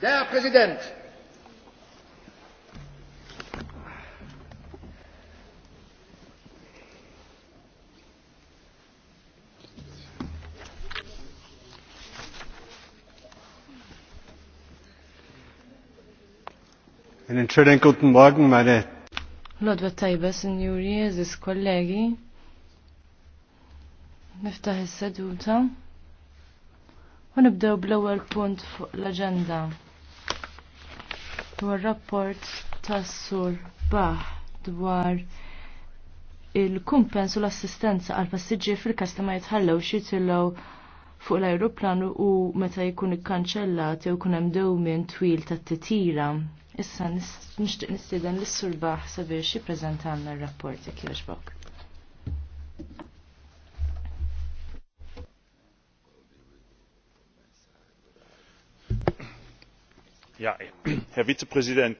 Der Präsident! Einen schönen guten Morgen, meine Lodwa tajba, signori, eżis kollegi. Niftaħ is-seduta. U nibdew bl-ewwel punt fuq l-aġenda dwar rapport tas-sur Bah dwar il-kumpens u l-assistenza għal passiġġier fil kasta li ma jitħallew xitilgħu fuq l aeroplan u meta jkun ikkanċellat jew kun hemm dewmien twil ta' titira Issa nixtieq nistieden lis-sur Bah sabiex jippreżentalna r-rapport jekk jogħġbok. herr vizepräsident!